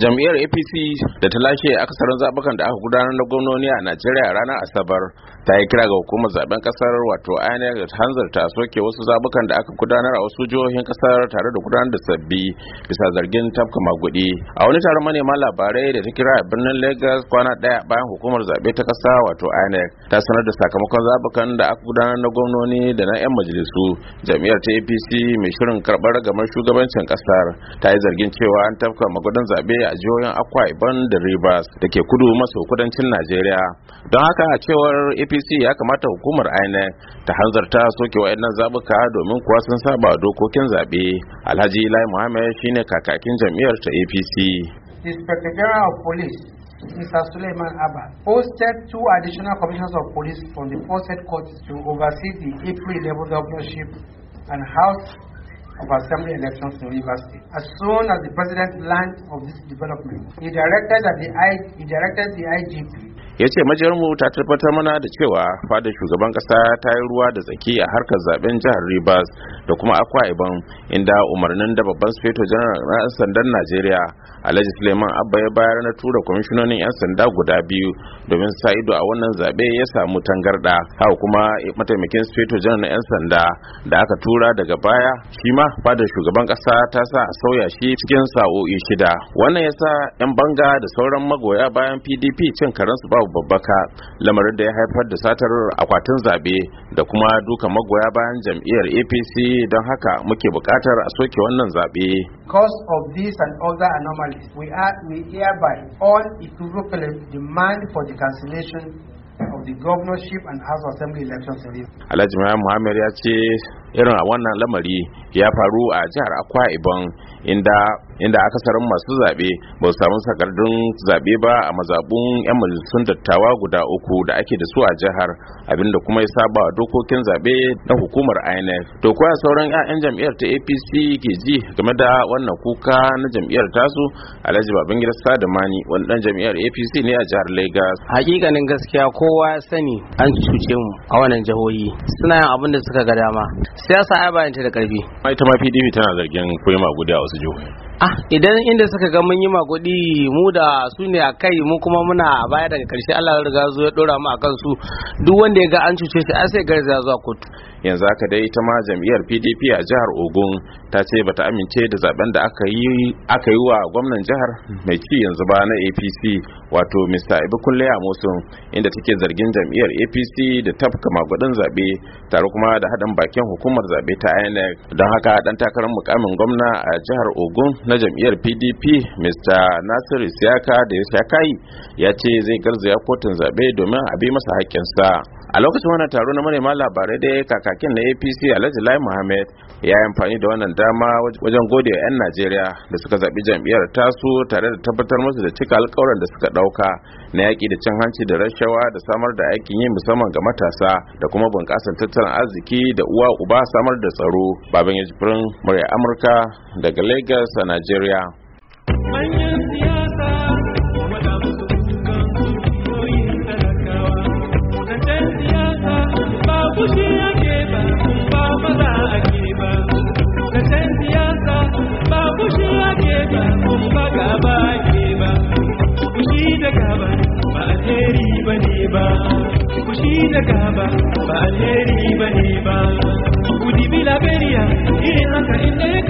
jam'iyyar apc da ta lashe akasarin zabukan da aka gudanar na gwamnoni a najeriya ranar asabar ta yi kira ga hukumar zaben kasar wato inec da hanzarta soke wasu zabukan da aka gudanar a wasu jihohin kasar tare da gudanar da sabbi bisa zargin tafka magudi a wani taron manema labarai da ta kira a birnin lagos kwana daya bayan hukumar zabe ta kasa wato inec ta sanar da sakamakon zabukan da aka gudanar na gwamnoni da na yan majalisu jam'iyyar ta apc mai shirin karbar gamar shugabancin kasar ta yi zargin cewa an tafka magudan zabe Najeriya a jihohin akwa Ibom da rivers da ke kudu maso kudancin najeriya don haka a cewar apc ya kamata hukumar inec ta hanzarta soke wa'annan zabuka domin kuwa sun saba dokokin zaɓe alhaji lai shi shine kakakin jam'iyyar ta apc Inspector General of Police, Mr. Suleiman Abba, posted two additional commissioners of police from the posted courts to oversee the April level governorship and House of assembly elections in River State. As soon as the president learned of this development, he directed, that the, I, he directed the IGP ya ce majiyarmu ta tabbatar mana da cewa fada shugaban kasa ta yi ruwa da tsaki a harkar zaben jihar rivers da kuma akwa ibom inda umarnin da babban speto janar na sandan najeriya alhaji suleiman abba ya bayar na tura kwamishinonin yan sanda guda biyu domin sa ido a wannan zabe ya samu tangarda haka kuma mataimakin speto janar na yan sanda da aka tura daga baya shi ma fadar shugaban kasa ta sa a sauya shi cikin sa'o'i shida wannan ya sa yan banga da sauran magoya bayan pdp cin karansu ba Nuhu Babbaka lamarin da ya haifar da satar akwatin zabe da kuma duka magoya bayan jam'iyyar APC don haka muke bukatar a soke wannan zabe. Because of this and other anomalies, we are we hereby all equivocally demand for the cancellation of the governorship and House Assembly elections. Alhaji Muhammad ya ce irin a wannan lamari ya faru a jihar Akwa Ibom inda inda akasarin masu zaɓe ba su samu sakardun zaɓe ba a mazabun 'yan majalisun dattawa guda uku da ake da su a jihar abinda kuma ya saba dokokin zaɓe na hukumar inec to kuwa sauran 'ya'yan jam'iyyar ta apc ke ji game da wannan kuka na jam'iyyar tasu alhaji babangida sadamani wani dan jam'iyyar apc ne a jihar lagos hakikanin gaskiya kowa ya sani an cuce mu a wannan jihohi suna yin abin da suka ga dama siyasa ai bayanta da karfi ita ma pdp tana zargin koyama guda wasu jihohi a ah, idan inda suka ga mun yi magudi mu da su ne a kai mu kuma muna baya daga karshe Allah ya riga zo ya dora mu akan su duk wanda ya ga an cuce shi a sai garza zuwa kotu yanzu haka dai ita ma jam'iyyar PDP a jihar Ogun ta ce bata amince da zaben da aka yi aka yi wa gwamnan jihar mai ci yanzu ba na APC wato Mr. a Amosun inda take zargin jam'iyyar APC da tafka magudin zabe tare kuma da haɗin bakin hukumar zabe ta INEC don haka dan takarar mukamin gwamna a jihar Ogun na jam'iyyar pdp mr nasiru siyaka da ya sha kai ya ce zai garzaya kotun zaɓe domin a bi masa haƙƙinsa a lokacin wannan taro na manema labarai da kakakin na apc alhaji lai muhammad ya yi amfani da wannan dama wajen gode 'yan najeriya da suka zaɓi jam'iyyar tasu tare da tabbatar musu da cika alkawarin da suka ɗauka na yaki da cin hanci da rashawa da samar da aikin yi musamman ga matasa da kuma bunƙasar tattalin arziki da uwa uba samar da tsaro baban ya jifirin murya amurka daga lagos a najeriya ba kushi da gaba ba alheri ba ne ba ku dibi irin haka inda ya